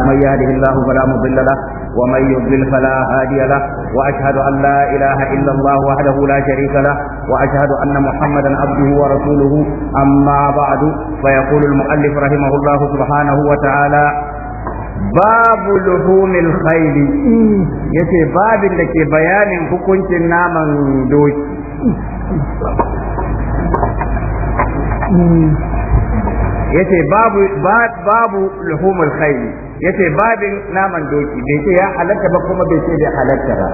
من يهده الله فلا مضل له ومن يضلل فلا هادي له واشهد ان لا اله الا الله وحده لا شريك له واشهد ان محمدا عبده ورسوله اما بعد فيقول المؤلف رحمه الله سبحانه وتعالى باب لحوم الخيل يتي باب da بيان حكمت النام دوش يتي باب باب لحوم الخيل yace babin naman doki bai ce ya halatta ba kuma bai ce bai halatta ba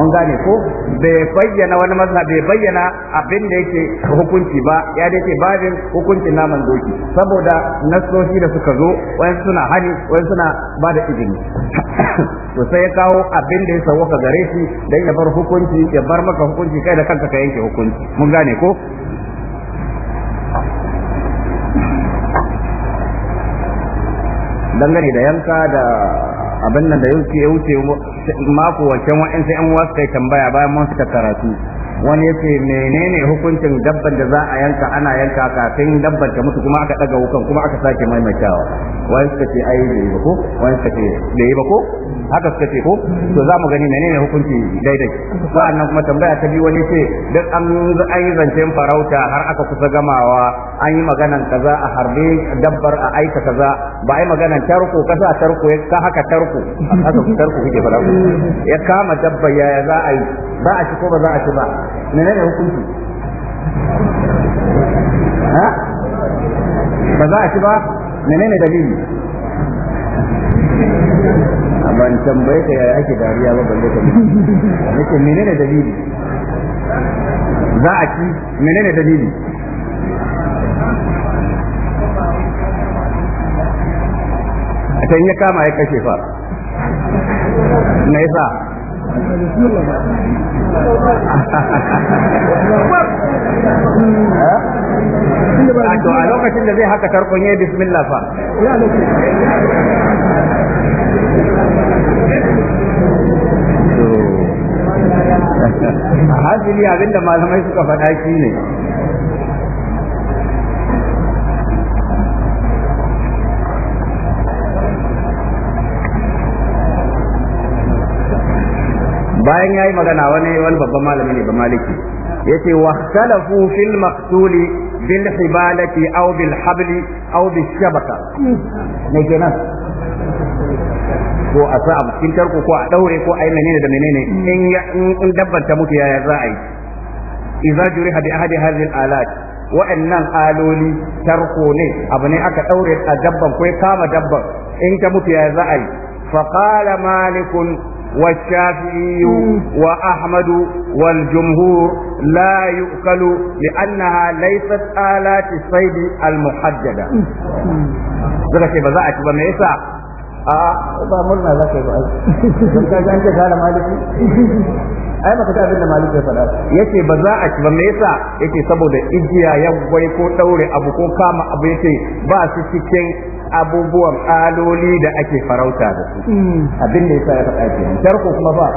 mun gane ko bai bayyana wani mazhab bai bayyana abin da yake hukunci ba ya dai ce babin hukuncin naman doki saboda nasoshi da suka zo wayan suna hani wayan suna ba da izini to sai ya kawo abin da ya sauka gare shi dan ya bar hukunci ya bar maka hukunci kai da kanka ka yanke hukunci mun gane ko dangane da yanka da abin nan da yau ya wuce mako wancan wa'in sai an wasu kai tambaya bayan mun suka karatu wani yace menene hukuncin dabban da za a yanka ana yanka kafin dabban ta mutu kuma aka daga wukan kuma aka sake maimaitawa wani suka ce ai bai ba ko wani suka ce bai ba ko haka suka ce ko to za mu gani menene hukunci daidai sa'annan kuma tambaya ta biyu wani ce duk an an yi zancen farauta har aka kusa gamawa an yi maganan kaza a harbe dabbar a aika kaza ba ai maganan tarko kasa tarko ya ka haka tarko haka tarko kuke fara ya kama dabba yaya za a yi ba a ci ko ba za a ci ba menene hukunci ha ba za a ci ba menene dalili ban tambaye ka yaya ake dariya ba balle ka nake menene dalili za a ci menene dalili a can ya kama ya kashe fa na yasa Ah, to a lokacin da zai haka tarkon ya bismillah fa hasili abinda malamai suka faɗa shi ne bayan yi magana wani wani babban malami ne ba maliki ce wa ikhtalafu fil maktuli bil hibalati au bil habli au bil shabaka ne kenan ko a sa a cikin tarko ko a daure ko a yi menene da menene in in dabbanta ta mutu yaya za a yi idza juriha bi ahadi hadhihi al alat nan aloli tarko ne abu ne aka daure a dabban ko ya kama dabban in ta mutu yaya za a yi فقال مالك والشافعي وأحمد والجمهور لا يؤكل لأنها ليست آلات الصيد المحددة. Zaka ce ba za a ci ba me yasa a ba murna za ka yi ba don ka ga ka da maliki ai baka ta abin da maliki ya faɗa Ya ce ba za a ci ba me yasa yace saboda igiya gwai ko ɗaure abu ko kama abu ce ba su cikin abubuwan aloli da ake farauta da su hmm. abin da yasa ya faɗa kenan tarko kuma ba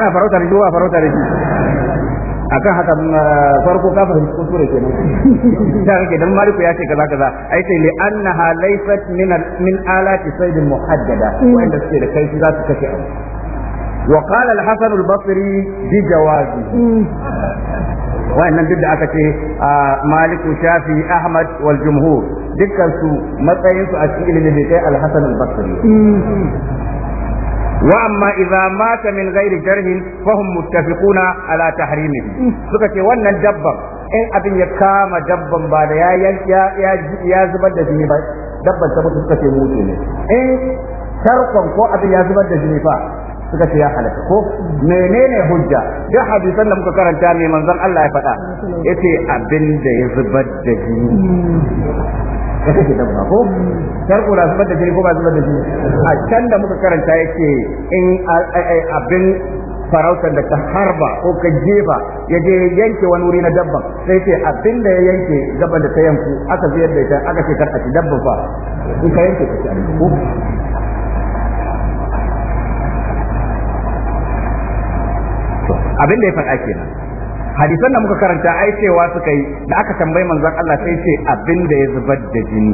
ana farauta da shi ba farauta da shi akan haka mm, ah, farko ka fahimci kuskure kenan da kake dan maliku ya ce kaza kaza ai sai li annaha laysat min min alati sayd muhaddada wanda suke da kai za su kace abu wa qala al-hasan al-basri bi jawazi wa'annan duk da aka ce ah, maliku shafi ahmad wal jumhur dukkan su matsayin su a cikin ilimi kai al-hasan al-basri واما اذا مات من غير جرح فهم متفقون على تحريمه suka ce wannan dabban in abin ya kama dabban ba da ya zubar da jini ba dabban ta mutu suka ce mutu ne in tarkon ko abin ya zubar da jini fa suka ce ya halatta ko menene hujja da hadisan da muka karanta ne manzon Allah ya faɗa yace abin da ya zubar da jini ka kashe dabba ko tarko na zubar da jini ko ba zubar da jini a can da muka karanta yake in abin farautar da ka harba ko ka jefa ya je yanke wani wuri na dabban sai ce abin da ya yanke gaban da ta yanku aka ziyar da ita aka ce karkaci dabban fa in ka yanke ka Ko abin da ya faɗa kenan hadisan da muka karanta ai cewa suka yi da aka tambayi manzon Allah sai ce abin da ya zubar da jini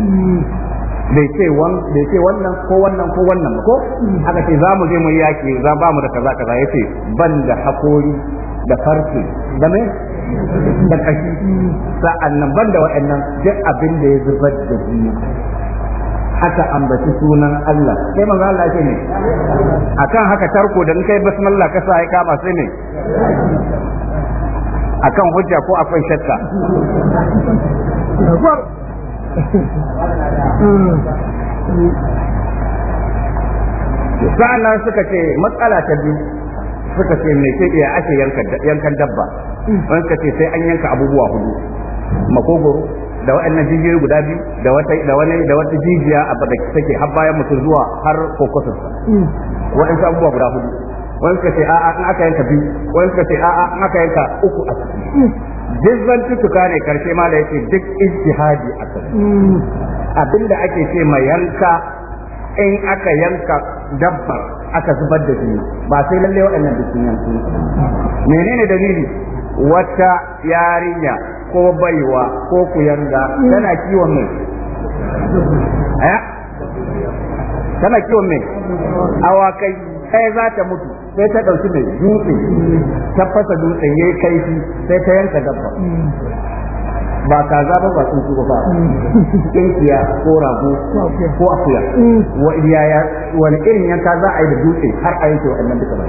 bai ce wannan ko wannan ko wannan ko aka ce za mu je mu yaki za ba mu da kaza kaza yace ban da hakori da farce da me da kashi sa'an nan ban da wa'annan duk abin da ya zubar da jini haka ambaci sunan Allah sai manzo Allah ce ne akan haka tarko da in kai basmallah ka sa ya kama sai ne akan hujja ko akwai shakka hmm. sa'an suka ce matsala ta biyu suka ce me ce iya ake yankan dabba hmm. wani suka ce sai an yanka abubuwa hudu makogoro da waɗannan jijiyar guda biyu da wata da wani da wata jijiya a da take har bayan mutum zuwa har kokosinsa hmm. waɗansu abubuwa guda hudu wani suka ce a'a in aka yanka biyu wani suka ce a'a in aka yanka uku a ciki duk zantutuka ne karshe ma da yake duk ijtihadi a kai abinda ake ce mai yanka in aka yanka dabbar aka zubar da jini ba sai lalle waɗannan bikin yanku menene dalili wata yarinya ko baiwa ko kuyanga tana kiwon mai eh? tana kiwon mai awakai ɗaya za ta mutu sai ta ɗauki mai dutse ta fasa ya yayi kaifi sai ta yanka dabba ba kaza ba ba sun ba siya ko rago ko akuya wa wani irin yanka za a yi da dutse har a yanke wa'annan duka ba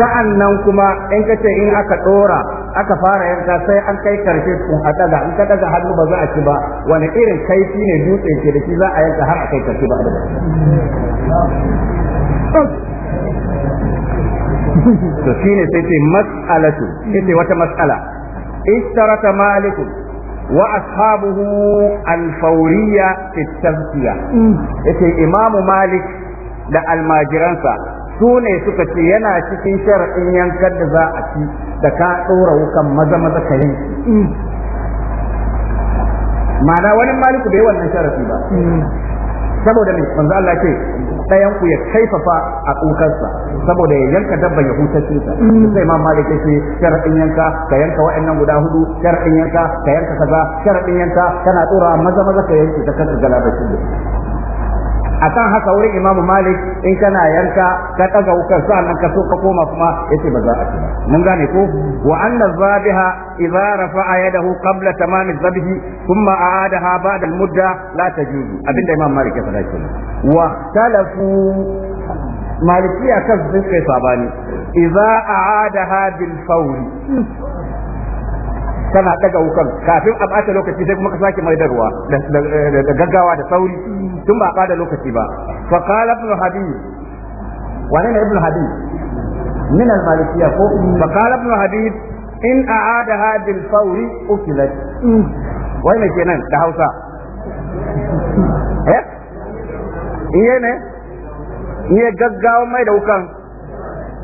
sa'an nan kuma in ka ce in aka ɗora aka fara yanka sai an kai karshe kun a daga in ka daga hannu ba za a ci ba wani irin kaifi ne dutse ke da shi za a yanka har a kai karshe ba a daga to shine sai ce mas'alatu ita wata mas'ala اشترط Malik وأصحابه الفورية في التزكية إيه إمام مالك da almajiransa su ne suka ce yana cikin sharaɗin yankar da za a ci da ka ɗora wukan maza maza ka yanki ma'ana wani maliku bai wannan sharafi ba saboda ne manzo Allah ce ɗayan ku ya kaifafa a tsokarsa saboda ya yanka dabba ya huta shi ta sai ma malik yace sharadin yanka ka yanka wa'annan guda hudu sharadin yanka ka yanka kaza sharadin yanka kana tura maza maza ka yanke ta kanka galabashi akan haka wurin imamu malik in kana yanka ka daga wukar sa'annan ka so ka koma kuma yace ba za a ci ba mun gane ko wa anna zabiha idza rafa'a yadahu qabla tamam az-zabh thumma a'adaha ba'da al-mudda la tajuzu abinda imam malik ya faɗa kenan wa talafu malikiya kan sun kai sabani idza a'adaha bil fawri kana daga wukan kafin a bata lokaci sai kuma ka sake mai darwa da gaggawa da sauri tun ba bada lokaci ba fa qala ibn habib wani ne ibn habib min al malikiya ko fa qala ibn habib in a'adaha al fawri ukilat wai ne kenan da Hausa eh iye ne iye gaggawa mai da wukan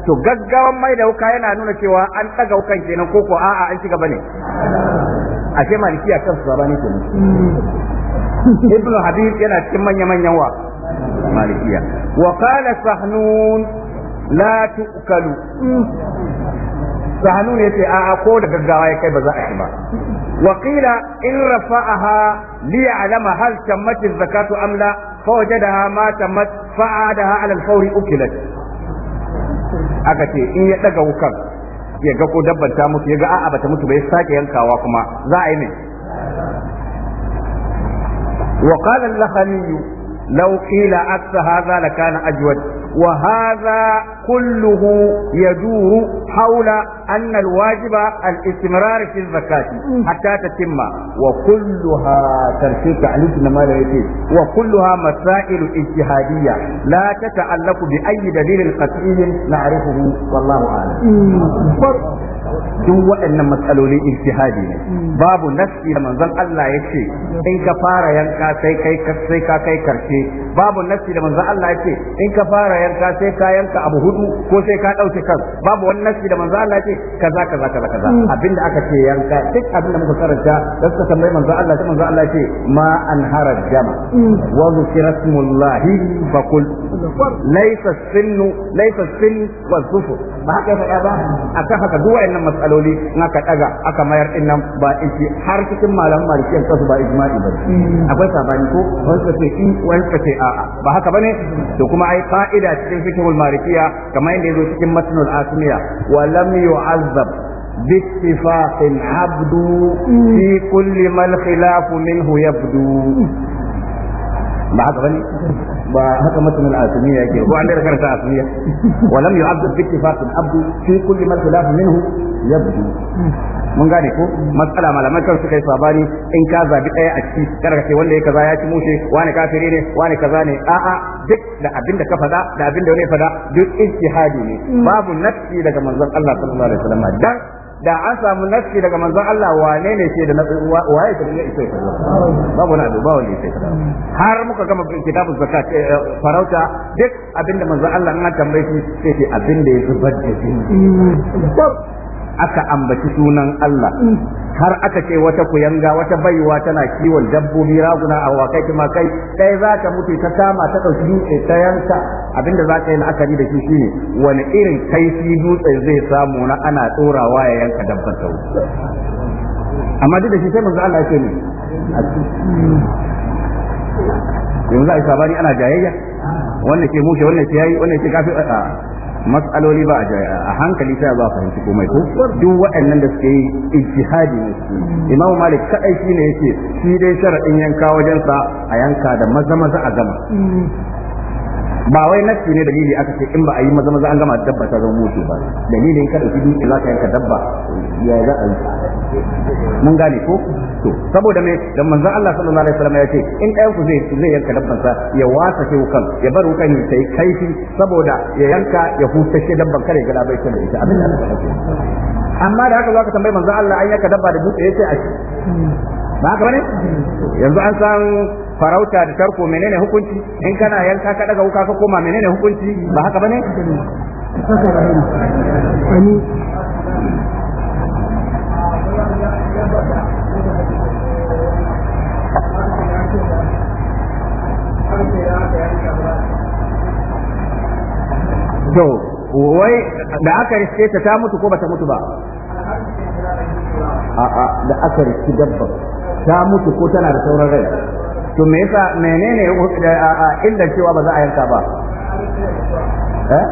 to gaggawan mai da wuka yana nuna cewa an ɗaga wukan kenan ko ko a'a an bane a ce maliki malikiya kan su gaba ne kenan hmm. ibnu habib yana cikin manya manyan wa malikiya wa qala sahnun la tu'kalu sahnun yace a'a ko da gaggawa ya kai ba za a ci ba وقيل إن رفعها ليعلم هل zakatu الزكاة أم لا ma tammat fa'adaha ala al-fawri ukilat aka ce in ya daga wukan ya ga ko dabban ta mutu ya ga a'a bata mutu bai sake yankawa kuma za a yi ne wa qala al-lakhani law qila aksa hadha lakana ajwad وهذا كله يدور حول أن الواجب الاستمرار في الزكاة حتى تتم وكلها ترتيب تعليق ما وكلها مسائل اجتهادية لا تتعلق بأي دليل قطعي نعرفه والله أعلم duk waɗannan matsalolin ijtihadi ne babu nasi da manzon Allah ya ce in ka fara yanka sai kai sai ka kai karshe babu nasi da manzon Allah ya ce in ka fara yanka sai ka yanka abu hudu ko sai ka dauke kan babu wani nasi da manzo Allah ce kaza kaza kaza kaza mm. abinda aka ce yanka duk abinda muka karanta da suka tambayi manzo Allah sai manzo Allah ce ma an jama mm. wa zikra smullahi fa kul laysa sinnu laysa sin wa zufu ba haka ya ba akan haka duk wayannan matsaloli in aka daga aka mayar din nan ba ishi har cikin malaman malikiyan kasu ba ijma'i ba mm. akwai sabani ko wanda ce in wanda ce a'a ba haka bane to kuma ai fa'ida a cikin fikrul malikiya kamar yadda yazo cikin matnul asmiya wa lam yu'azzab باتفاق العبد في كل ما الخلاف منه يبدو ما ba haka matan al ya yake ko an da karanta asmiya wa lam yu'abdu bi ittifaqin abdu fi kulli man khilafu minhu yabdu mun gane ko matsala malaman kan suka yi sabani in ka zabi daya a ciki kada ka ce wanda ya kaza ya ci mushe wani kafiri ne wani kaza ne a'a duk da abinda da ka fada da abin da wani fada duk ijtihadi ne babu nafsi daga manzon Allah sallallahu alaihi wasallam dan da an samu nafi daga manzon Allah wane ne ce da nafi waye ta ne ita ita babu na ba wani ita har muka gama kitabu zakat eh, eh, farauta duk abinda manzon Allah an tambaye shi sai ce abinda ya zubar da jini mm. aka ambaci sunan Allah har aka ce wata kuyanga wata baiwa tana kiwon dabbobi raguna a wakai kuma kai kai za ta mutu ta kama ta ɗauki dutse ta yanka abinda za ka yi la'akari da shi shine wani irin kaifi dutse zai samu na ana tsorawa ya yanka dabbar ta amma duk da shi sai manzo Allah ya ce ne yanzu a yi sabani ana jayayya wannan ke mushe wannan ke yayi wannan ke kafi Matsaloli ba a a hankali sai ba fahimci komai ko duk waɗannan da suke yi ijtihadi ne Imam Malik kadai shine yake shi dai sharadin yanka wajen sa a yanka da maza maza a gama ba wai nafi ne dalili aka ce in ba a yi maza maza an gama dabba ta zama mutu ba dalilin ka dauki dutse ka yanka dabba ya za a mun gane ko to saboda me dan manzon Allah sallallahu alaihi wasallam ya ce in ɗayan ku zai zai yanka dabban sa ya wasa shi wukan ya bar wukan ya sai kaifi saboda ya yanka ya hutashe dabban kare gada bai da ita abin da aka amma da haka zaka tambayi manzon Allah an yanka dabba da dutse yace a ba haka bane yanzu an san farauta da tarko menene hukunci in kana yanka ka daga wuka ka koma menene hukunci ba haka bane to wai da aka riske ta ta mutu ko bata mutu ba a'a da aka riske dabba ta mutu ko tana da sauran rai to me yasa menene inda cewa ba za a yanka ba eh?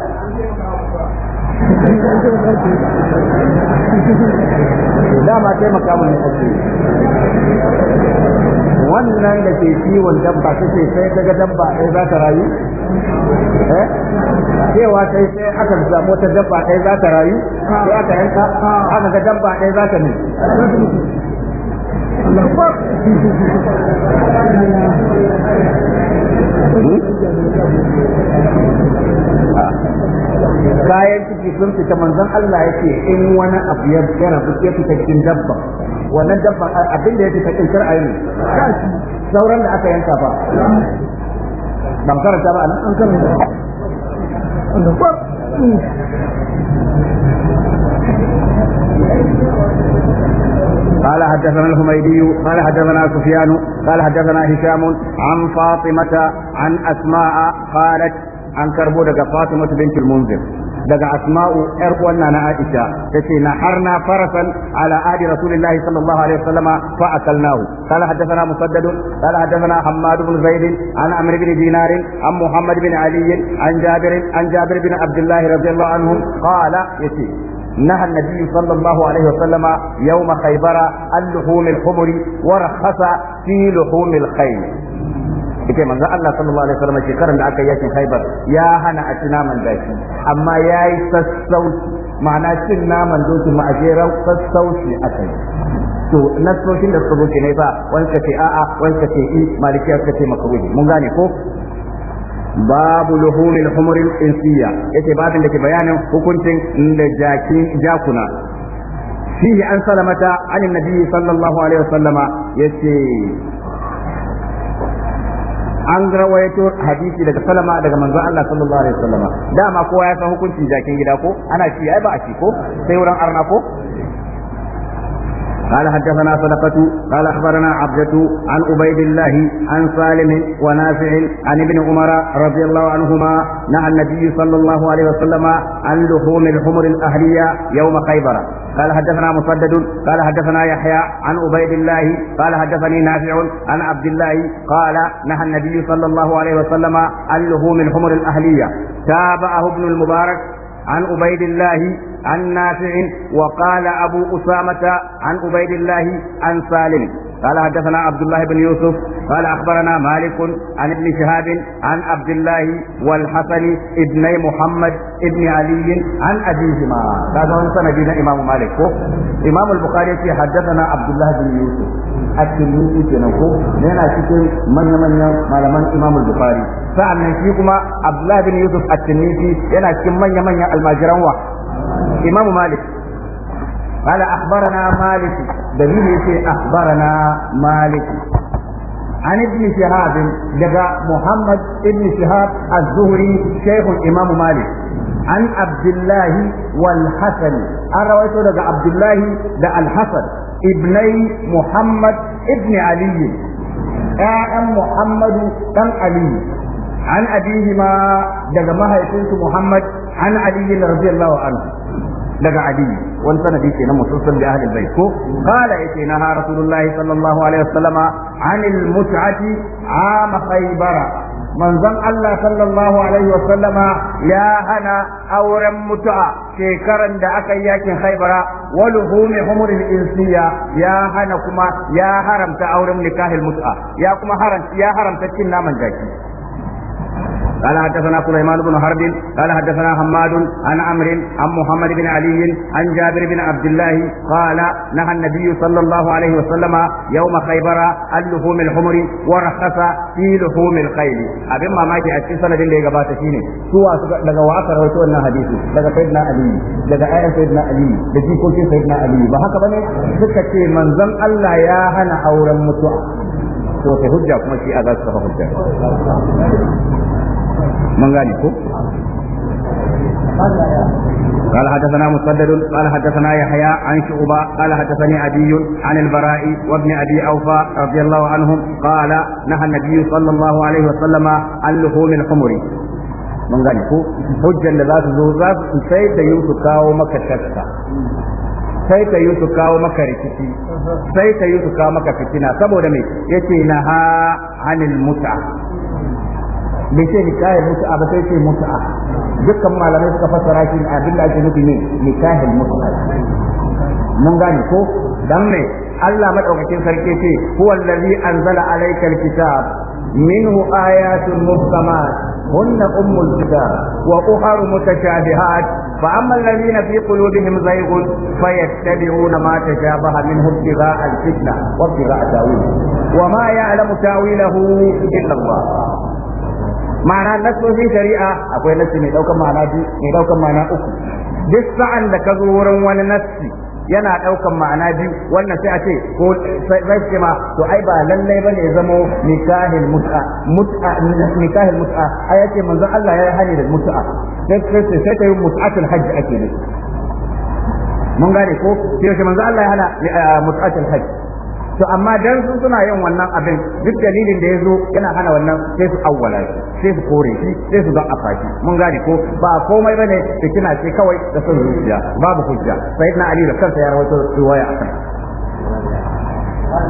dama taimaka mun ne ake wannan da ke ciwon dabba kace sai daga dabba ɗaya za ta rayu eh cewa sai sai aka samu ta dabba ɗaya za ta rayu sai aka yanka aka ga dabba ɗaya za ta ne Hmm? Bayan ciki sun fita manzon Allah ya ce in wani abu ya yana ya fita cikin dabba wannan dabba abin da ya fita cikin shar'a ne sauran da aka yanka ba ban karanta ba an karanta قال حدثنا الحميدي قال حدثنا سفيان قال حدثنا هشام عن فاطمة عن أسماء قالت عن كربو فاطمة بنت المنذر daga asma'u yar uwanna na Aisha tace na harna farasan ala ahdi rasulillahi sallallahu alaihi wasallama fa na qala hadathana musaddad qala hadathana hammad ibn zaid an amr ibn dinar an muhammad ibn ali an jabir an jabir ibn abdullah radiyallahu anhum qala yace نهى النبي صلى الله عليه وسلم يوم خيبر عن لحوم الحمر ورخص في لحوم الخيل yake manzo Allah sallallahu alaihi wasallam shekaran da aka yi yakin haibar ya hana a ci naman daki amma ya yi sassauci ma'ana cin naman doki ma a jeran sassauci aka yi to nasoshin da suka zo ne ba wani ce a'a wani ce i malikiya suka ce makruhi mun gane ko babu luhumil humurin insiya yace babin da ke bayanin hukuncin da jakin jakuna fihi an salamata an nabi sallallahu alaihi wasallama yace an rawaito hadisi daga salama daga manzo Allah sallallahu alaihi wasallam dama kowa ya san hukuncin jakin gida ko ana ci ai ba a ci ko sai wurin arna ko قال حدثنا صدقة قال أخبرنا عبدة عن عبيد الله عن سالم ونافع عن ابن عمر رضي الله عنهما نهى النبي صلى الله عليه وسلم عن لحوم الحمر الأهلية يوم خيبر قال حدثنا مسدد قال حدثنا يحيى عن عبيد الله قال حدثني نافع عن عبد الله قال نهى النبي صلى الله عليه وسلم عن لحوم الحمر الأهلية تابعه ابن المبارك عن عبيد الله عن نافع وقال أبو أسامة عن عبيد الله عن سالم قال حدثنا عبد الله بن يوسف قال أخبرنا مالك عن ابن شهاب عن عبد الله والحسن ابن محمد ابن علي عن أبيهما هذا هو سندنا إمام مالك إمام البخاري في حدثنا عبد الله بن يوسف الترمذي kenan ko yana cikin manya-manyan malaman Imam Bukhari sa'annan shi kuma Abdullah bin Yusuf at-Tirmidhi yana cikin manya-manyan almajiran wa imamu malik قال أخبرنا مالك دليل يسي أخبرنا مالك عن ابن شهاب لقى محمد ابن شهاب الزهري شيخ الإمام مالك عن عبد الله والحسن أرويته لقى عبد الله دا الحسن ابني محمد ابن علي أم محمد بن علي عن أبيهما دقى ما محمد an ali radiyallahu anhu daga aliyu wani sanadi ke na musulsun da ahlul bait ko qala yace na ha rasulullahi sallallahu alaihi wasallama anil mut'ati am khaybara manzon Allah sallallahu alaihi wasallama ya hana auren mutu'a shekaran da aka yi yakin haibara, wa luhumi Humurin insiya ya hana kuma ya haramta auren nikahil mut'a ya kuma haramta haramta cin naman jaki قال حدثنا سليمان بن حرب قال حدثنا حماد عن عمرو عن محمد بن علي عن جابر بن عبد الله قال نهى النبي صلى الله عليه وسلم يوم خيبر عن لحوم الحمر ورخص في لحوم الخيل abin mamaki a cikin sanadin da ya gabata shine suwa suka daga wa aka rawaito wannan hadisi daga sayyidina ali daga ayyan sayyidina ali da jikokin sayyidina ba haka bane suka ce manzon Allah ya hana auren mutuwa. to sai hujja kuma shi a za su hujja من غانيكو قال حدثنا مسدد قال حدثنا يحيى عن شعبة قال حدثني عدي عن البراء وابن أبي أوفى رضي الله عنهم قال نهى النبي صلى الله عليه وسلم عن لحوم الحمر من غانيكو حجة لذات الزوزات سيد يوسف كاو مكشفة sai ta yi su kawo maka rikici sai ta yi su kawo maka fitina saboda me yace na ha anil muta bai ce nikahin mutu'a ba sai ce mutu'a dukkan malamai suka fassara shi abin da ake nufi ne nikahin mutu'a mun gane ko dan me Allah madaukakin sarki ce huwa allazi anzala alayka alkitab minhu ayatun muhkamat hunna ummul kitab wa ukhar mutashabihat فأما الذين في قلوبهم زيغ فيتبعون ما تشابه منه ابتغاء الفتنة وابتغاء تاويله وما يعلم تاويله إلا الله ma'ana nasoshin shari'a akwai nasi mai daukan ma'ana biyu mai daukan ma'ana uku duk sa'an da ka zo wurin wani nasi yana daukan ma'ana biyu wannan sai a ce ko sai ce ma to ai ba lallai bane ya zamo nikahil mut'a mut'a nikahil mut'a ai yace manzon Allah ya hani da mut'a sai sai sai kai mut'atul hajj ake ne mun gane ko sai manzon Allah ya hana mut'atul hajj to amma dan su suna yin wannan abin duk dalilin da ya zo yana hana wannan sai su awwala shi sai su kore shi sai su don afaki mun gane ko ba komai bane kina ce kawai da son zuciya babu hujja na ali da kansa ya rawaito riwaya akan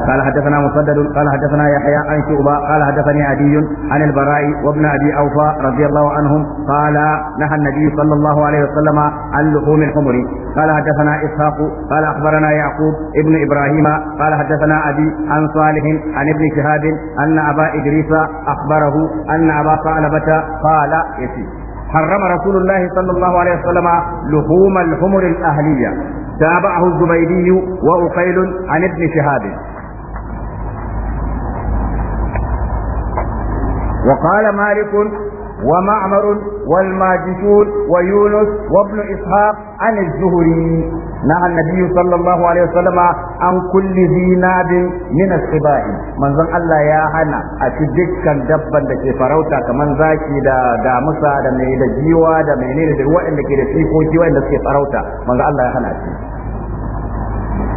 قال حدثنا مسدد قال حدثنا يحيى عن شعبة قال حدثني عدي عن البراء وابن أبي أوفى رضي الله عنهم قال نهى النبي صلى الله عليه وسلم عن لحوم الحمر قال حدثنا إسحاق قال أخبرنا يعقوب ابن إبراهيم قال حدثنا أبي عن صالح عن ابن شهاب أن أبا إدريس أخبره أن أبا ثعلبة قال يسي حرم رسول الله صلى الله عليه وسلم لحوم الحمر الأهلية تابعه الزبيدي وأقيل عن ابن شهاب وقال مالك ومعمر والماجشون ويونس وابن إسحاق عن الزهري نهى النبي صلى الله عليه وسلم عن كل ذي ناب من السباع من ظن الله يا هنا أشدك كان دبا دكي فروتا كمن ذاكي دا دا مسا دا مي دا جيوا دا مينين دا وإن دكي دا فيكو جيوا إن دكي فروتا من ظن الله يا هنا أشدك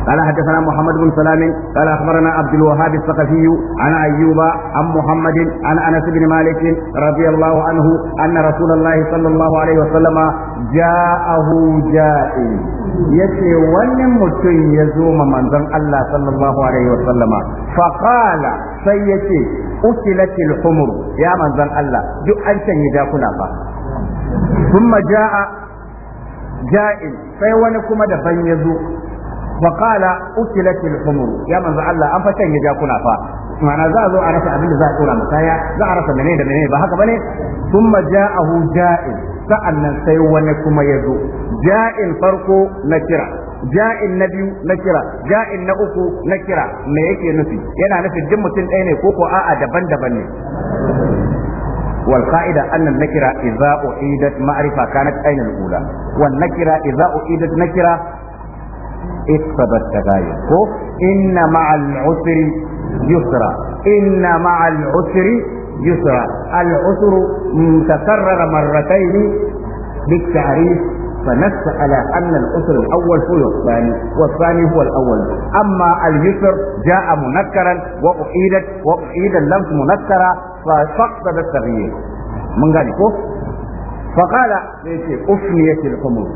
قال حدثنا محمد بن سلام قال اخبرنا عبد الوهاب الثقفي عن ايوب عن محمد عن انس بن مالك رضي الله عنه ان رسول الله صلى الله عليه وسلم جاءه yace wannan mutum ya zo ma manzon Allah sallallahu alaihi wa sallama fa qala sai yace ukilatil humur ya manzon Allah duk an canye dakuna fa thumma jaa sai wani kuma daban ya zo fa qala ukilatil humur ya manzo Allah an fatan ya jakuna fa mana za zo a rasa abin da za a tsora masaya za a rasa menene da menene ba haka bane thumma ja'ahu ja'il nan sai wani kuma ya zo ja'il farko na kira ja'in na biyu na kira ja'in na uku na kira me yake nufi yana nufin jin mutum ɗaya ne ko ko a'a daban-daban ne والقاعدة أن النكرة إذا أعيدت معرفة كانت أين الأولى والنكرة إذا أعيدت نكرة اكسب السبايا إن مع العسر يسرا إن مع العسر يسرا العسر تكرر مرتين بالتعريف فنفس على أن الأسر الأول هو الثاني والثاني هو الأول أما اليسر جاء منكرا وأعيدت وأعيد اللمس منكرا ففقد التغيير من ذلك فقال أفنيت الحمود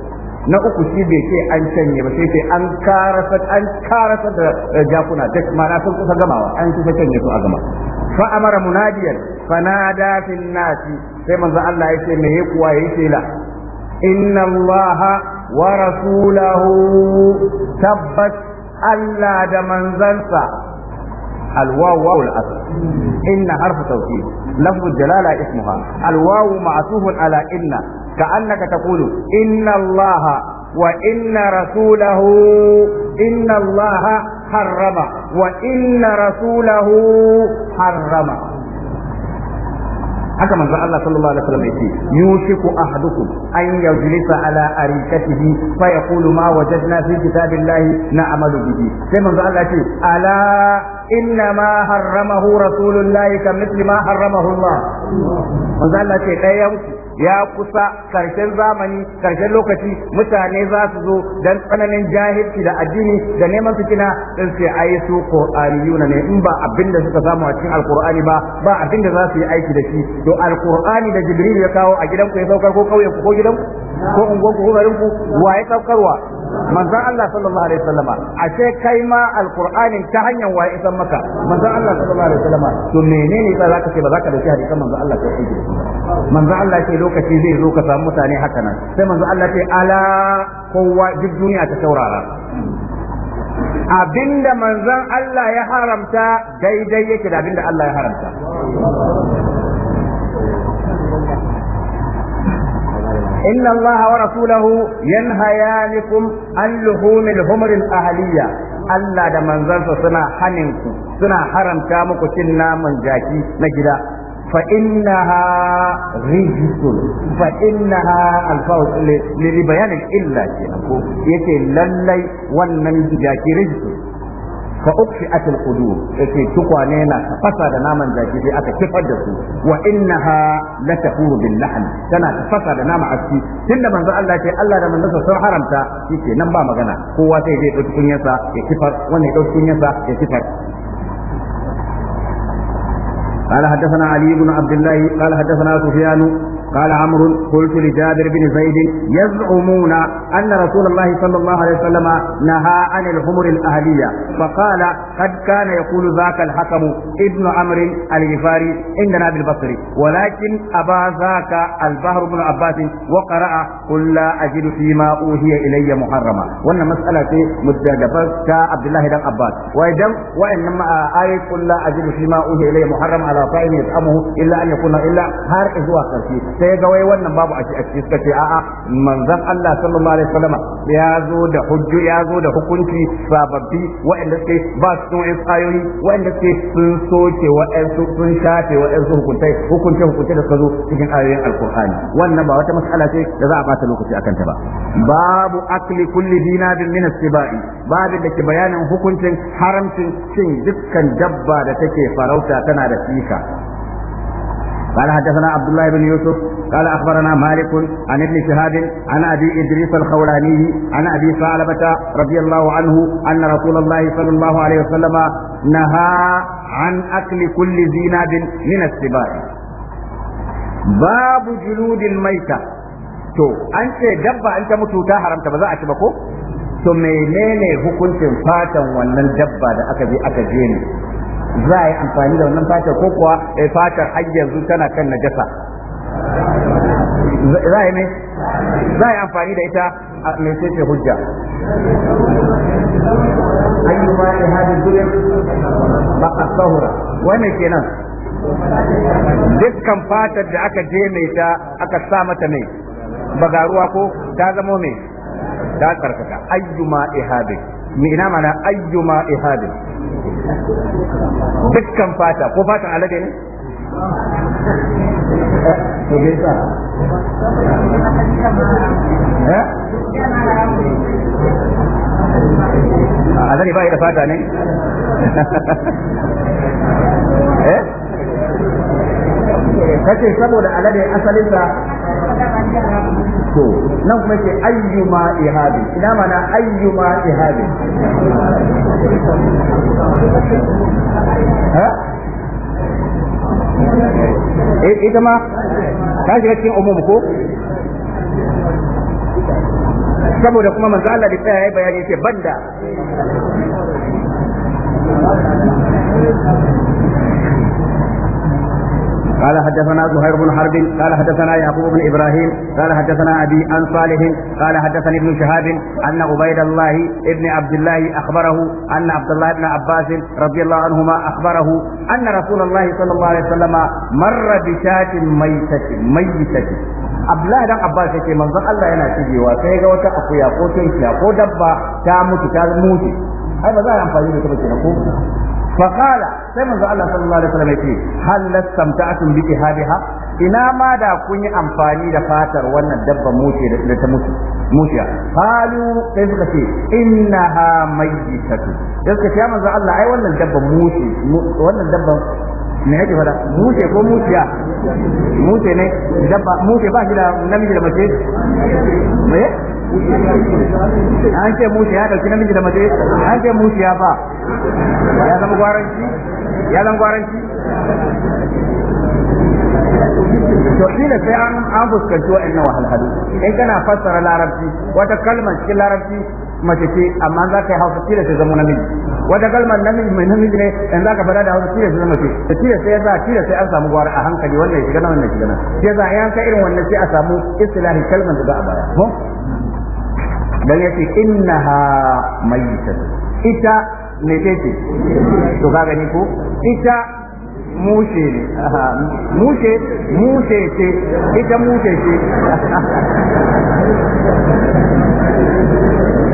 na uku shi bai ce an canye ba sai sai an karasa an karasa da jakuna duk ma'ana sun kusa gamawa an kusa canye su a gama fa amara munadiyan fanada fil nasi sai manzo Allah ya ce me ya kuwa ya ce la inna Allaha wa rasulahu tabbat Allah da manzansa الواو واو الاصل ان حرف توكيد لفظ الجلاله اسمها الواو معطوف على ان كأنك تقول إن الله وإن رسوله إن الله حرم وإن رسوله حرم haka manzo Allah sallallahu alaihi wasallam yace yushiku ahadukum an yajlisa ala arikatihi fa yaqulu ma wajadna fi kitabillahi na'malu bihi sai manzo Allah yace ala inna ma harramahu rasulullahi kamithli ma harramahu Allah manzo Allah yace dayan ya kusa karshen zamani karshen lokaci mutane za su zo dan tsananin jahilci da addini da neman fitina din sai ai su qur'aniyuna ne in ba abin da suka samu a cikin alqur'ani ba ba abin da za su yi aiki da shi to alqur'ani da jibril ya kawo a gidanku ya saukar ko kauye ko gidanku ko unguwanku ko garin ku wa ya saukarwa manzon Allah sallallahu alaihi wasallama ashe kai ma alqur'anin ta hanyar waye isan maka manzon Allah sallallahu alaihi wasallama to menene ba zaka ce ba zaka dauki hadisan manzon Allah ta ce manzon Allah ce lokaci zai zo ka samu mutane haka nan sai manzon Allah ce ala kowa duk duniya ta saurara abinda manzon Allah ya haramta daidai yake da abinda Allah ya haramta إن 'yan ورسوله ينهيانكم an luhumi الحمر الأهلية Allah da manzansa suna haninku suna haramta muku cin naman jaki na gida fa innaha rijsun fa innaha alfaus li bayanin illa ke ko yace lallai wannan jaki rijsun fa ukfi'at al-qudur yace tukwane na tafasa da naman jaki sai aka kifar da su wa innaha la tafuru bil lahm tana tafasa da nama aski tunda manzo Allah ce Allah da manzo sun haramta yace nan ba magana kowa sai zai dauki kunyarsa ya kifar wannan ya dauki kunyarsa ya kifar قال حدثنا علي بن عبد الله قال حدثنا سفيان قال عمرو قلت لجابر بن زيد يزعمون أن رسول الله صلى الله عليه وسلم نهى عن الحمر الأهلية فقال قد كان يقول ذاك الحكم ابن عمرو الغفاري عندنا بالبصري ولكن أبا ذاك البهر بن عباس وقرأ قل لا أجد فيما أوهي إلي محرما وأن مسألة مجدبة كعبد الله بن عباس وإذن وإنما آية قل لا أجد فيما أوهي إلي محرما على طائم يطعمه إلا أن يكون إلا هار إذوا sai ga wai wannan babu a cikin suka ce a'a manzon Allah sallallahu alaihi wasallam ya zo da hujju ya zo da hukunci sababbi waɗanda suke ba su wa'ansu ayoyi waɗanda suke sun soke wa'ansu sun shafe wa'ansu hukuntai hukunce hukunce da suka zo cikin ayoyin alkur'ani wannan ba wata mas'ala ce da za a bata lokaci akan ta ba babu akli kulli dinabin min as-sibai babu da ke bayanin hukuncin haramcin cin dukkan dabba da take farauta tana da tsika قال حدثنا عبد الله بن يوسف قال اخبرنا مالك عن ابن شهاب عن ابي ادريس الخولاني عن ابي ثعلبه رضي الله عنه ان رسول الله صلى الله عليه وسلم نهى عن اكل كل ذي ناب من السباع باب جلود الميته to an ce dabba an ta mutu ta haramta ba za a ci ba ko to menene hukuncin fatan wannan dabba da aka je aka je ne za a yi amfani da wannan fatar ko kuwa eh, fatar har yanzu tana kan najasa za a yi ne za a yi amfani da ita a mecece hujja ayyuka ya hadu zulim ba a sahura wannan kenan dukkan fatar da aka je mai ta aka sa mata mai bagaruwa ko ta zamo mai ta tsarkaka ayyuma ihadin mi ina mana ayyuma ihadin dukkan fata ko fatan alade ne a eh, zane yasa eh? alade ba da fata ne eh kace saboda alade asalinsa to nan kuma ce ayyuma ihabin ina mana ayyuma ihabin ha eh ita ma ka shiga cikin umum ko saboda kuma manzo Allah da tsaya yayi bayani yace banda قال حدثنا زهير بن حرب قال حدثنا يعقوب بن ابراهيم قال حدثنا ابي عن صالح قال حدثني ابن شهاب ان عبيد الله ابن عبد الله اخبره ان عبد الله بن عباس رضي الله عنهما اخبره ان رسول الله صلى الله عليه وسلم مر بشاة ميتة ميتة Abdullahi dan Abbas yake manzon Allah yana shigewa sai ga wata akuya ko tunkiya ko dabba ta mutu ta mutu ai ba za a amfani da ta ba kenan ko فقال سيما الله صلى الله عليه وسلم يقول هل استمتعتم بإهابها ina ma da kun yi amfani da fatar wannan dabba sai suka ce innaha mayyitatu me yake fara mushe ko mushiya mushe ne dabba mushe ba shi da namiji da mace me an ce mushe ya dauki namiji da mace an ce mushe ya ba ya zama gwaranci ya zama gwaranci to shine sai an an fuskanci wa'annan wahalhalu in kana fassara larabci wata kalmar cikin larabci mace ce amma za ka yi hausa tilas ya zama namiji wata kalmar namiji mai namiji ne in za ka fada da hausa tilas ya zama ce da tilas ya za tilas sai an samu gwar a hankali wanda ya shiga na wannan shiga na sai za a yanka irin wannan sai a samu istilahi kalmar da za a baya ko dan yace innaha mayyitatu ita ne ce to ga ni ko ita mushe ne mushe mushe ce ita mushe ce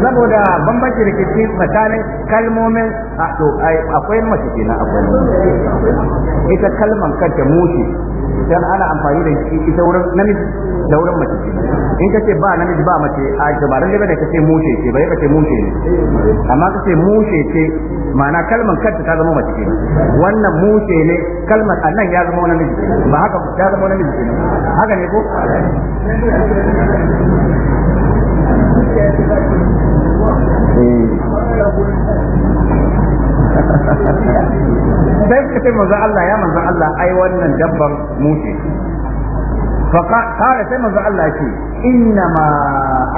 saboda bambanci rikici tsakanin kalmomin a to akwai mace kenan akwai ita kalman kanta mushe dan ana amfani da shi ita wurin namiji da wurin mace in kace ba namiji ba mace a dabaran da ka ce mushe ce bai kace ce mushe ne amma ka ce mushe ce ma'ana kalmar kanta ta zama mace wannan mushe ne kalmar annan ya zama namiji ba haka ya zama namiji ne haka ne ko eh sai suka ce manzon Allah ya manzon Allah ai wannan dabban mu ce فقال سيما الله شيء إنما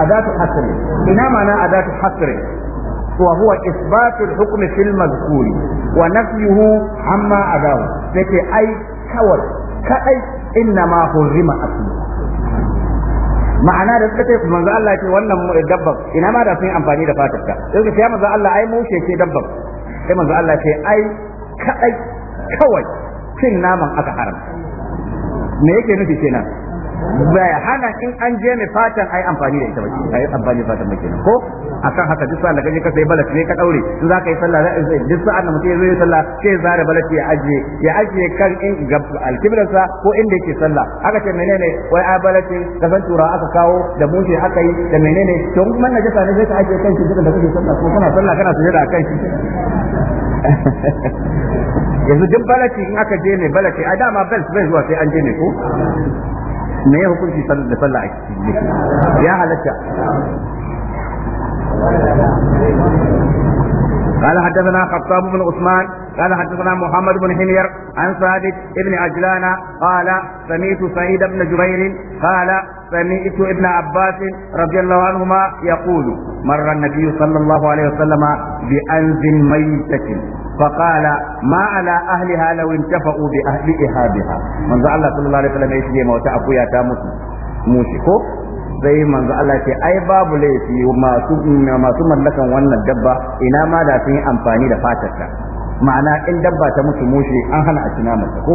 أداة حصر إنما أنا أداة حصر وهو إثبات الحكم في المذكور ونفيه عما أداه لكي أي كول كأي إنما حرم أصله ma'ana da suka ce manzo Allah ce wannan eh, dabbar ina ma da sun amfani da fatarka sai suka ce manzo Allah ai mushe ce dabbar sai manzo Allah ce ai kadai kawai cin naman aka haram me yake nufi kenan bai hana in an je mai fatan ai amfani da ita ba ai amfani da fatan ba kenan ko akan haka duk sa'an da kaje ka sai balat ne ka daure su za ka yi sallah duk sa'an da mutum ya zo ya sallah sai zare balat ya aje ya aje kan in alkiblarsa ko inda yake sallah aka ce menene wai a balat ka san tura aka kawo da mushe aka yi da menene to man jasa ne sai ka aje kan shi duka da kake sallah ko kana sallah kana sujada akan shi yanzu duk balati in aka je ne balati a dama bel bai zuwa sai an je ne ko me ya hukunci da sallah a ciki ya halatta قال حدثنا خطاب بن عثمان قال حدثنا محمد بن حمير عن سادت بن عجلان قال سمعت سعيد بن جبير قال سمعت ابن عباس رضي الله عنهما يقول مر النبي صلى الله عليه وسلم بأنز ميتة فقال ما على أهلها لو انتفعوا بأهل إهابها من الله صلى الله عليه وسلم يشجي موتا أخويا تامس موشكو sai manzo Allah ce ai babu laifi masu masu mallakan wannan dabba ina ma da sun yi amfani da fatarta ma'ana in dabba ta mutu mushe an hana a cina mata ko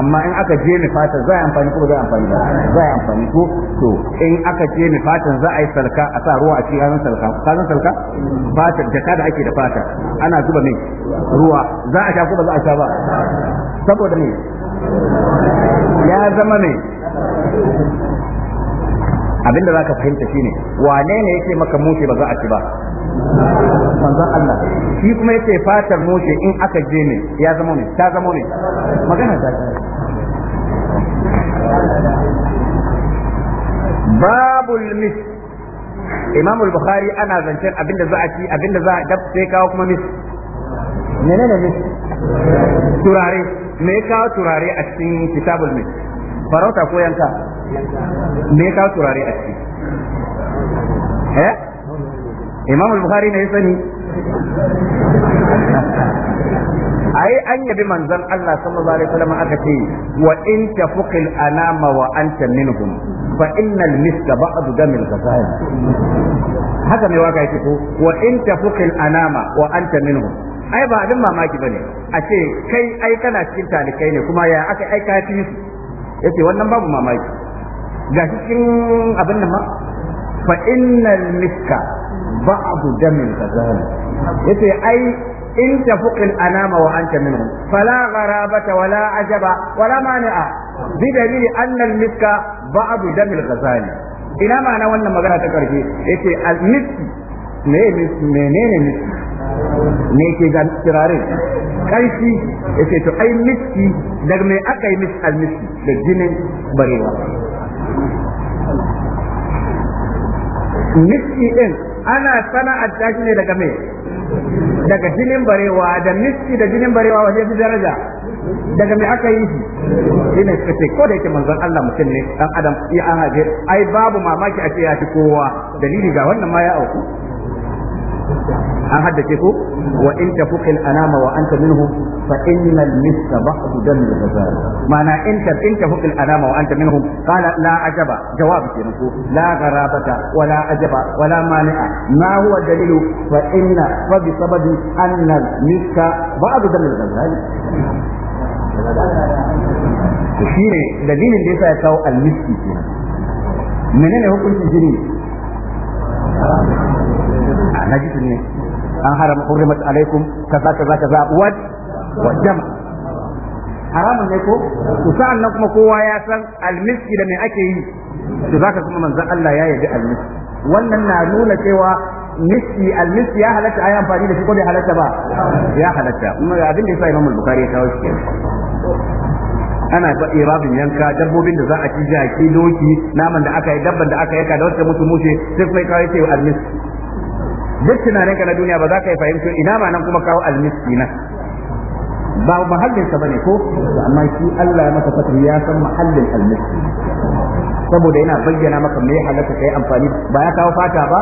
amma in aka je ni fata za a yi amfani ko za a amfani ba za a yi amfani ko to in aka je ni fatan za a yi salka a sa ruwa a cikin an salka ka san salka fata jaka da ake da fata ana zuba mai ruwa za a sha ko ba za a sha ba saboda me ya zama ne abinda zaka fahimta shine wane ne yake maka mushe ba za a ci ba manzon Allah shi kuma yace fatar moshe in aka je ne ya zama ne ta zama ne magana ta babul mis imam al-bukhari ana zancen abinda za a ci abinda za a dab sai kawo kuma mis menene mis turare me kawo turare a cikin kitabul mis farauta ko yanka me kawo turare a ciki eh imam al-bukhari ne ya sani ai an yabi manzon Allah sallallahu alaihi wasallam aka ce wa in tafuqil anama wa anta minhum fa innal miska ba'd damil ghazal haka mai waka yake ko wa in tafuqil anama wa anta minhum ai ba abin mamaki bane a ce kai ai kana cikin talikai ne kuma ya aka aika fi su yace wannan babu mamaki ga cikin abin nan ma fa innal miska ba'd damin kazal yace ai in tafuqil anama wa anta minhum fala gharabata wala ajaba wala mani'a bi dalili anna al-miska ba'd damil ghazali ina ma'ana wannan magana ta karshe yace al ne menene miski ne ke ga kirare kanshi yace to ai miski daga me aka yi miski al-miski da jinin barewa miski din ana sana'ar tashi ne daga me daga jinin barewa da miski da jinin barewa waje fi daraja daga me aka yi shi ne suka ce ko da yake manzon Allah mutum ne dan adam ya an haje ai babu mamaki a ce ya fi kowa dalili ga wannan ma ya auku an haddace ko wa in tafuqil anama wa anta minhu fa innal miska ba'du dam al-ghazal mana in ta in tafuqil anama wa anta minhum qala la ajaba jawab kenan ko la garabata wa la ajaba wa la mani'a ma huwa dalilu fa inna fa bi sababi anna al-miska ba'du dam al-ghazal shine dalilin da yasa ya kawo al-miski menene hukuncin jini an haram hurrimat alaikum kaza kaza kaza wad wa jama haramun ne ko Ku sa'an nan kuma kowa ya san almiski da me ake yi to zaka kuma manzon Allah ya yabi almiski wannan na nuna cewa miski almiski ya halatta ayi amfani da shi ko bai halatta ba ya halatta kuma abin da yasa Imam Bukhari ya kawo shi ana faɗi rabin yanka dabbobin da za a ci jaki doki naman da aka yi dabban da aka yaka da wata musu mushe sai kuma kawai sai almis duk tunanin ka na duniya ba za ka yi fahimci ina ma nan kuma kawo almiski na ba mahallin sa bane ko amma shi Allah ya maka fatar ya san mahallin almiski saboda yana bayyana maka me halatta kai amfani ba ya kawo fata ba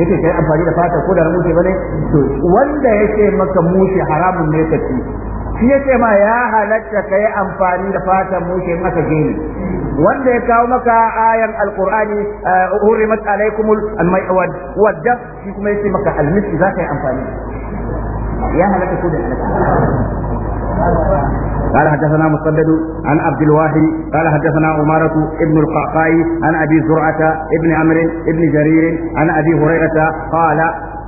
yace kai amfani da fata ko da mushe bane to wanda yake maka mushe haramun ne kace shi yace ma ya halatta kai amfani da fata mushe maka gini wanda ya kawo maka ayan alkur'ani eh, hurimat alaikumul maiwad wadda shi kuma yace maka almisi za ka yi amfani ya halaka ko da halaka قال حدثنا مسدد عن عبد الواحد قال حدثنا عمارة ابن القعقاع عن أبي زرعة ابن عمرو ابن جرير عن أبي هريرة قال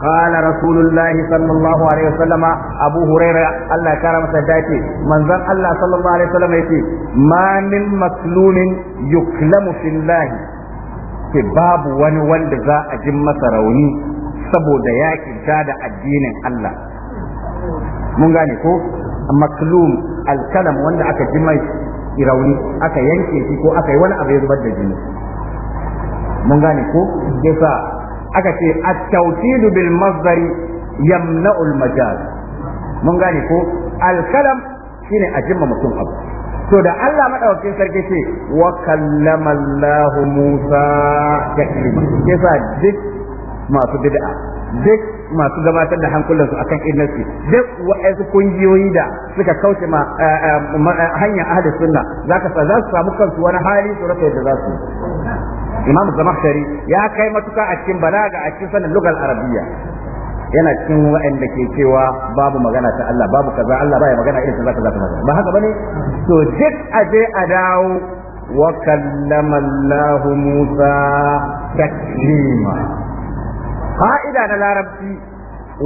قال رسول الله صلى الله عليه وسلم أبو هريرة الله كرم سداتي من ذن الله صلى الله عليه وسلم يتي ما من مسلول يكلم في الله ke babu wani wanda za a jin saboda ya kinta da addinin Allah mun gane ko maklum alkalam wanda aka ji mai aka yanke shi ko aka yi wani abu ya zubar da jini mun gane ko yasa aka ce a tawkid bil masdari yamna'u majaz mun gane ko alkalam shine a jimma mutum abu to da Allah madaukakin sarki ce wa kallama Allah Musa taklima yasa duk masu bid'a duk masu gabatar da hankulansu akan innasi duk wa'azu kungiyoyi da suka kauce ma eh, eh, eh, hanyar ahlus sunna zaka za su samu kansu wani hali su rasa yadda za su Imam zamakshari ya kai matuka a cikin balaga a cikin sanin lugal arabiya yana cikin waɗanda ke cewa babu magana ta Allah babu kaza Allah baya magana irin kaza kaza kaza ba haka bane to duk aje a dawo wa kallama Allah Musa taklima fa'ida na larabci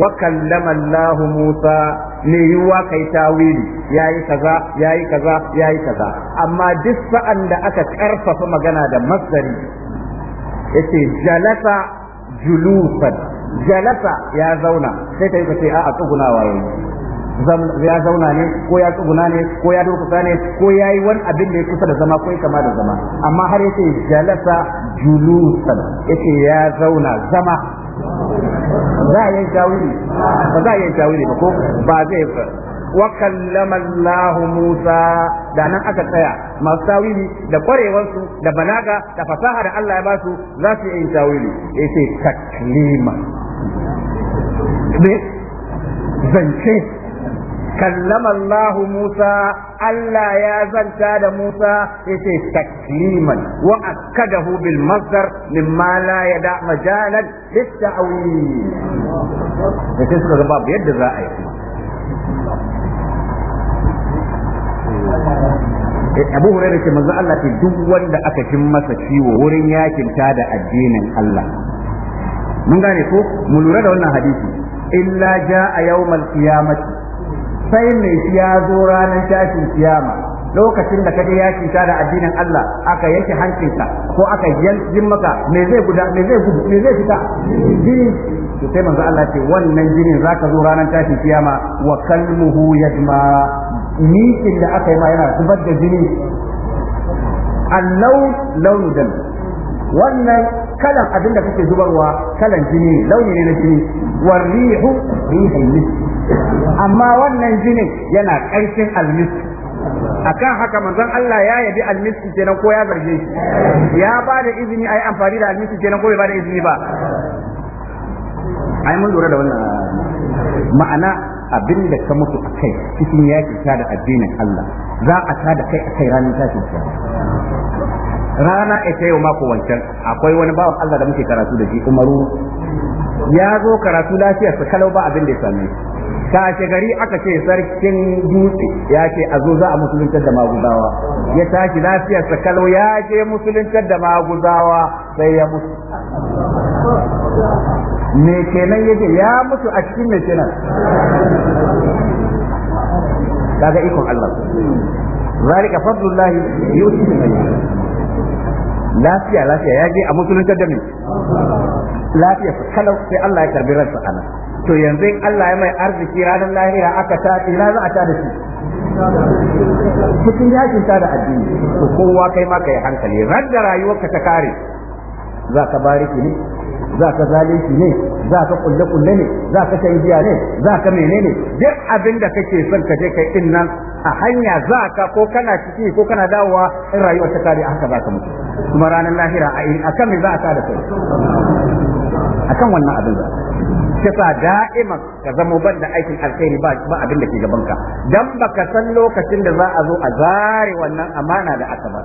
wa kallama Allah Musa ne yiwa kai tawili yayi kaza yayi kaza yayi kaza amma duk sa'an da aka karfafa magana da masdari yace jalasa julusan jalasa ya zauna sai kai ka ce a'a tsugunawa yayi ya zauna ne ko ya tsuguna ne ko ya dokusa ne ko ya yi wani abin da ya kusa da zama ko ya kama da zama amma har yace jalasa julusan yace ya zauna zama za a yi jawiri ba za a yi jawiri ba ko ba zai wa kallama Allah Musa da nan aka tsaya masu tawili da kwarewarsu da balaga da fasaha da Allah ya basu za su yi tawili yace taklima zance kallama Allah Musa Allah ya zanta da Musa yace takliman wa akkadahu bil masdar mimma la yada majalan lit ta'wil yace suka babu yadda za a yi Eh, Abu hurairu ce manzo Allah ce duk wanda aka kin masa ciwo wurin yakin ta da addinin Allah mun gane ko mu lura da wannan hadisi illa jaa yawmal qiyamati sai mai shi ya zo ranar tashin kiyama lokacin da kaje yakin ta da addinin Allah aka yanke hancinka ko aka yin maka me zai guda me zai gudu me zai fita jini to sai manzo Allah ce wannan jinin zaka zo ranar tashin kiyama wa kalmuhu yajma mikin da aka yi ma yana zubar da jini allau launu dam wannan kalan abin da kake zubarwa kalan jini launi ne na jini warrihu rihul misk amma wannan jinin yana ƙarshen A akan haka manzon Allah ya yabi almiski kenan ko ya zarge shi ya ba da izini yi amfani da almiski kenan ko bai ba da izini ba ai mun lura da wannan ma'ana abin da ka mutu a kai cikin yaƙi ta da addinin Allah za a ta da kai a kai ranar tashin kiyama rana ita yau mako wancan akwai wani bawan Allah da muke karatu da shi Umaru ya zo karatu lafiyar sa kalau ba abin da ya same shi kashe gari aka ce sarkin dutse ya ce a zo za a musuluntar da maguzawa ya tashi lafiyar sa kalau ya je musuluntar da maguzawa sai ya mutu me kenan yake ya mutu a cikin me kenan daga ikon Allah zalika fadlullahi yuti mai lafiya lafiya ya je a musulunta da me lafiya kalau sai Allah ya karbi ransa ana to yanzu in Allah ya mai arziki ranar lahira aka ta ina za a ta da shi cikin yakin ta da addini to kowa kai ma kai hankali ran da rayuwarka ta kare za ka bariki ne za ka zalunci ne za ka kulle kulle ne za ka kai biya ne za ka menene duk abin da kake son ka je kai din nan a hanya za ka ko kana ciki ko kana dawowa in rayuwar ta kare haka za ka mutu kuma ranar lahira a in akan me za ka da kai akan wannan abin za kasa da'ima ka zama ban da aikin alkhairi ba abin da ke gaban ka dan baka san lokacin da za a zo a zare wannan amana da aka ba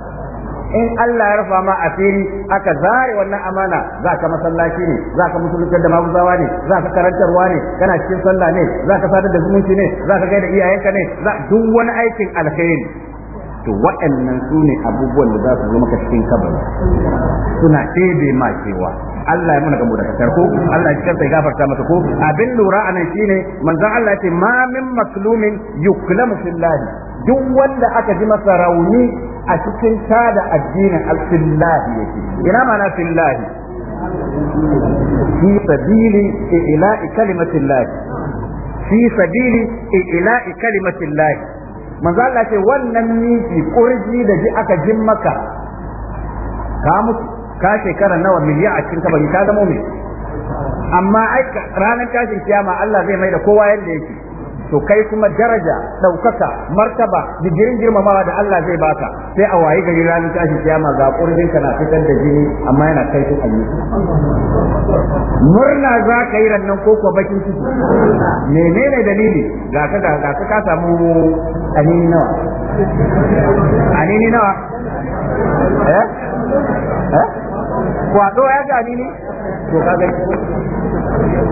in Allah ya rufa ma asiri aka zare wannan amana za ka masallaci ne za ka musulunci da maguzawa ne za ka karantarwa ne kana cikin sallah ne za ka sadar da zumunci ne za ka gaida iyayenka ne za duk wani aikin alkhairi to waɗannan su ne abubuwan da za su zo maka cikin kabari suna ɗebe ma cewa Allah ya muna gamu da kasar ko Allah ya kansa ya gafarta masa ko abin lura anan shine manzon Allah ya ce ma min maslumin yuklamu fillahi duk wanda aka ji masa rauni a cikin tada addinin al-fillahi yake ina mana fillahi fi sabili ila kalimatillahi fi sabili ila kalimatillahi manzo Allah ce wannan miki kurji da ji aka jin maka ka mutu ka shekara nawa miliyan a cikin kabari ka zama mai amma ai ranar tashin kiyama Allah zai mai da kowa yadda yake to kai kuma daraja ɗaukaka martaba digirin girmamawa da Allah zai baka sai a waye gari ranar tashi kiyama ga kurjin na fitar da jini amma yana kai su ayi murna za ka yi rannan ko ko bakin ciki menene dalili ga ka ga ka samu anini nawa anini nawa eh eh kwado ya ga anini to ga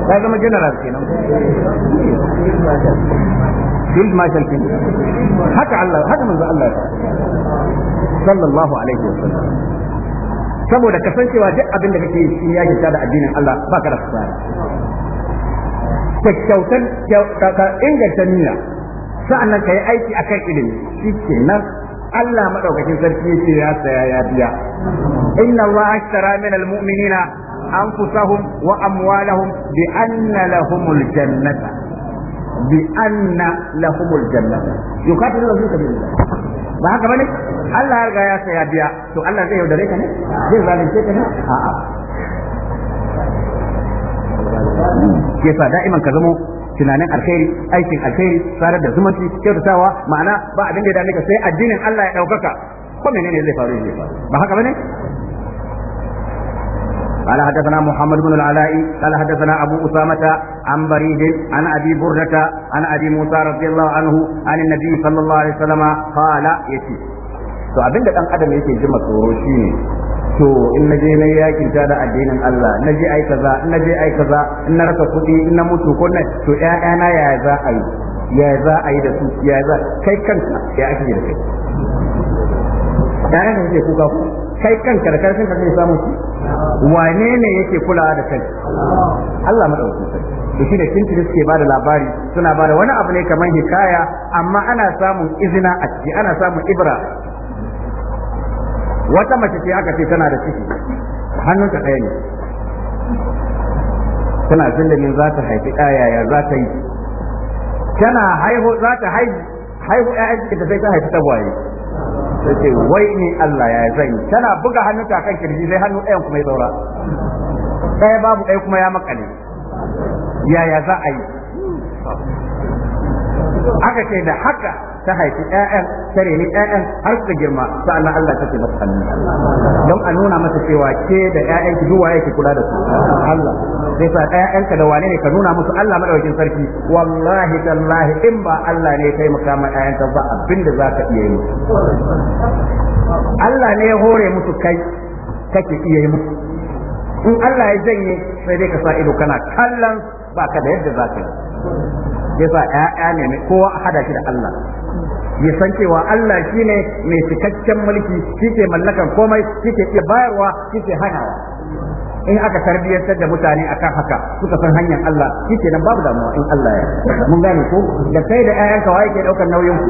ya zama general kenan field marshal kenan haka Allah haka manzo Allah sallallahu alaihi wasallam saboda kasancewa duk abin da kake shi ya kyauta da addinin Allah baka da fasara kyautar ka inganta niyya nan ka yi aiki akan ilimi shi kenan Allah madaukakin sarki ce ya saya ya biya inna Allah ashtara min almu'minina wa أنفسهم وأموالهم بأن لهم الجنة بأن لهم الجنة يقاتلون في سبيل الله ba haka bane Allah ya riga ya saya biya to Allah zai yaudare ka ne zai zalunce ka ne a'a ke sa da'iman ka zamo tunanin alkhairi aikin alkhairi sarar da zumunci kyautatawa ma'ana ba abin da ya dame ka sai addinin Allah ya daukaka ko menene zai faru zai faru ba haka bane قال حدثنا محمد بن العلاء قال حدثنا أبو أسامة عن بريد عن أبي بردة عن أبي موسى رضي الله عنه عن النبي صلى الله عليه وسلم قال يتي to abinda dan adam yake jima tsoro shine to in naje na yakin ta da addinin Allah naje ai kaza in naje ai kaza in na rasa kuɗi in na mutu ko na to ƴaƴana ya za a yi ya za a yi da su ya za kai kanka ya ake da kai ƴaƴanka kuka kai kanka da karfin ka kake samu wane ne yake kulawa da kai Allah madaukakin sarki da shi da kintiri suke ba da labari suna ba da wani abu ne kamar hikaya amma ana samun izina a ciki ana samun ibra wata mace ce aka ce tana da ciki hannunta ɗaya ne tana zindalin za ta haifi ɗaya za ta yi tana haihu za ta haihu haihu ɗaya da sai ta haifi tagwaye ta ce wai ne Allah ya zai yi tana buga hannu ta kan kirji sai hannu ɗayan kuma ya saura ɗaya babu ɗaya kuma ya makale yaya za a yi aka ce da haka ta haifi ƴaƴan ta reni ƴaƴan har su girma sa'annan Allah ta ce masa hannu don a nuna masa cewa ke da ƴaƴan ki duwa yake kula da su Allah zai sa ƴaƴanka da wane ne ka nuna musu Allah madaukakin sarki wallahi tallahi in ba Allah ne kai maka ma ƴaƴanka ba abin da zaka iya yi Allah ne ya hore musu kai kake iya yi musu in Allah ya janye sai dai ka sa ido kana kallon baka da yadda zaka yi yasa ƴaƴa ne kowa a hada shi da Allah ya san cewa Allah shine mai cikakken mulki shi ke mallakan komai shi ke iya bayarwa shi ke hanawa in aka tarbiyyantar da mutane akan haka suka san hanyar Allah shike nan babu damuwa in Allah ya mun gane ko da kai da ƴaƴan ka waye ke daukar nauyin ku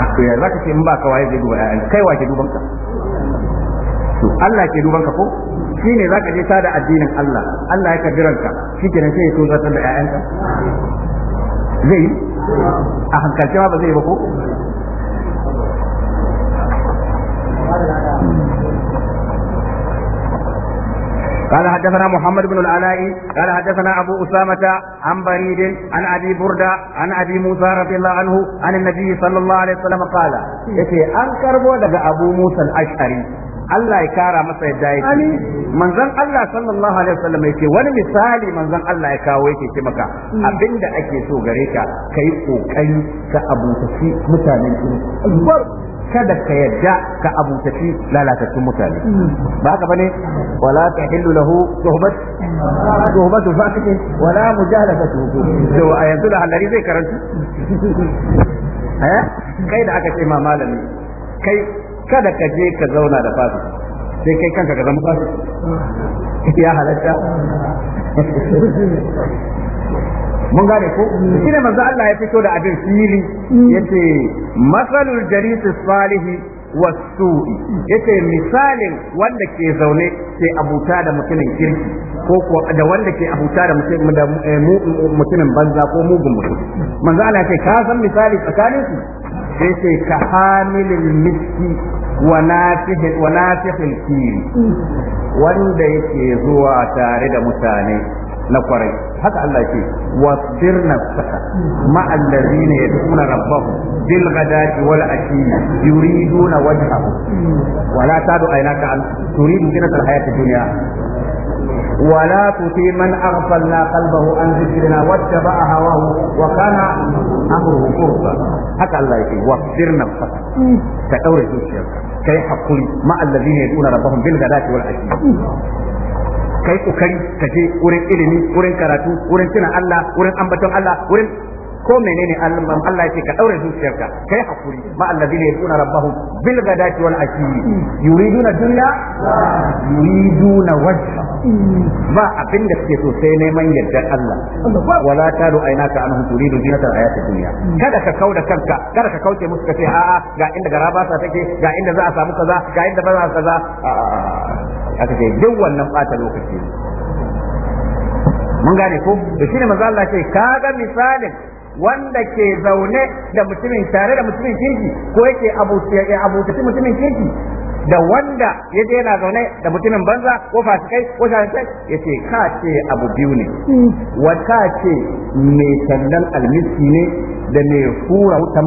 ah, to ya zaka ce in ba ka waye zai duba ƴaƴan kai wa ke duban ka to Allah ke duban ka ko shine zaka je tada addinin Allah Allah ya kabiranka shike nan sai ya tozartar da ka zai a hankalce ma ba zai ba ko قال حدثنا محمد بن العلاء قال حدثنا أبو أسامة عن بريد عن أبي بردة عن أبي موسى رضي الله عنه عن النبي صلى الله عليه وسلم قال يتي أنكر بودك أبو موسى الأشعري Allah ya kara masa yadda yake manzon Allah sallallahu alaihi wasallam yake wani misali manzon Allah ya kawo yake ce maka hmm. abinda ake so gare ka kai kokari ka abutaci mutanen kada ka yadda ka abutaci lalatattun mutane hmm. ba haka bane wala tahillu lahu tuhbat tuhbatu fasikin wala mujalasatu to a yanzu da halari zai karanta eh kai da aka ce ma malami kai kada ka je ka zauna da fasiki sai kai kanka ka zama fasiki ya halatta mun gane ko shi ne manzo Allah ya fito da abin fili yace masalul jarisi salihi wasu'i yace misalin wanda ke zaune ke abuta da mutumin kirki ko da wanda ke abuta da eh, mutumin banza ko mugun mutum manzo Allah ce ka san misali tsakanin su sai ce ka hamilil miski wa nafihil wa nafihil kiri wanda yake zuwa tare da mutane na kwarai haka Allah ke wasbir nafsaka ma allazina yad'una rabbahum bil ghadati wal ashi yuriduna wajhahu wala tadu aynaka an turidu zinata al hayati dunya ولا تطيع من اغفلنا قلبه عن ذكرنا واتبع هواه وكان امره فرطا haka Allah yake wasbir nafsaka ka daure zuciyarka kai hakuri ma allazina yad'una rabbahum bil ghadati wal ashi kai kokari ka je wurin ilimi wurin karatu wurin tuna Allah wurin ambaton Allah wurin ko menene Allah ya ce ka daure zuciyarka kai hakuri ma allazina yaduna rabbahum bil ghadati wal ashi yuriduna dunya yuriduna wajha ba abin da suke so sai neman yardar Allah wala taru ainaka anhum turidu zinatal hayatid dunya kada ka kauda kanka kada ka kauce musu kace a'a ga inda garaba sa take ga inda za a samu kaza ga inda ba za a kaza aka ce duk wannan bata lokaci mun gane ko da shine manzo Allah ce kaga misalin wanda ke zaune da mutumin tare da mutumin kirki ko yake abutaci mutumin kirki da wanda ya je yana zaune da mutumin banza ko fasikai ko shafikai ya ce ka ce abu biyu ne hmm. wata ce mai sandan almiski ne da mai hura wutan